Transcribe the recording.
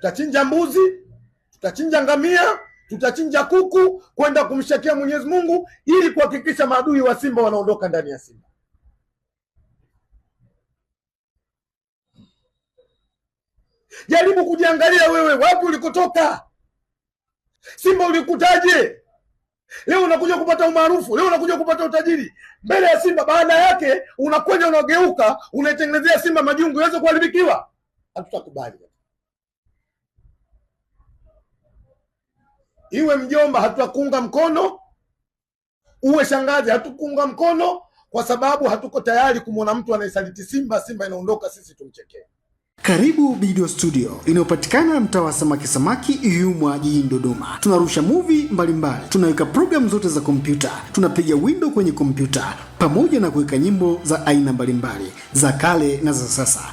tutachinja mbuzi, tutachinja ngamia, tutachinja kuku kwenda kumshakia Mwenyezi Mungu ili kuhakikisha maadui wa Simba wanaondoka ndani ya Simba. Jaribu kujiangalia wewe, wapi ulikotoka. Simba ulikutaje? Leo unakuja kupata umaarufu, leo unakuja kupata utajiri mbele ya Simba. Baada yake unakwenda unageuka, unaitengenezea Simba majungu iweze kuharibikiwa. Hatutakubali. iwe mjomba hatutakuunga mkono, uwe shangazi hatukuunga mkono, kwa sababu hatuko tayari kumwona mtu anayesaliti Simba. Simba inaondoka, sisi tumchekee. Karibu video studio inayopatikana mtaa wa samaki samaki yumwa jijini Dodoma. Tunarusha movie mbalimbali, tunaweka programu zote za kompyuta, tunapiga window kwenye kompyuta pamoja na kuweka nyimbo za aina mbalimbali za kale na za sasa.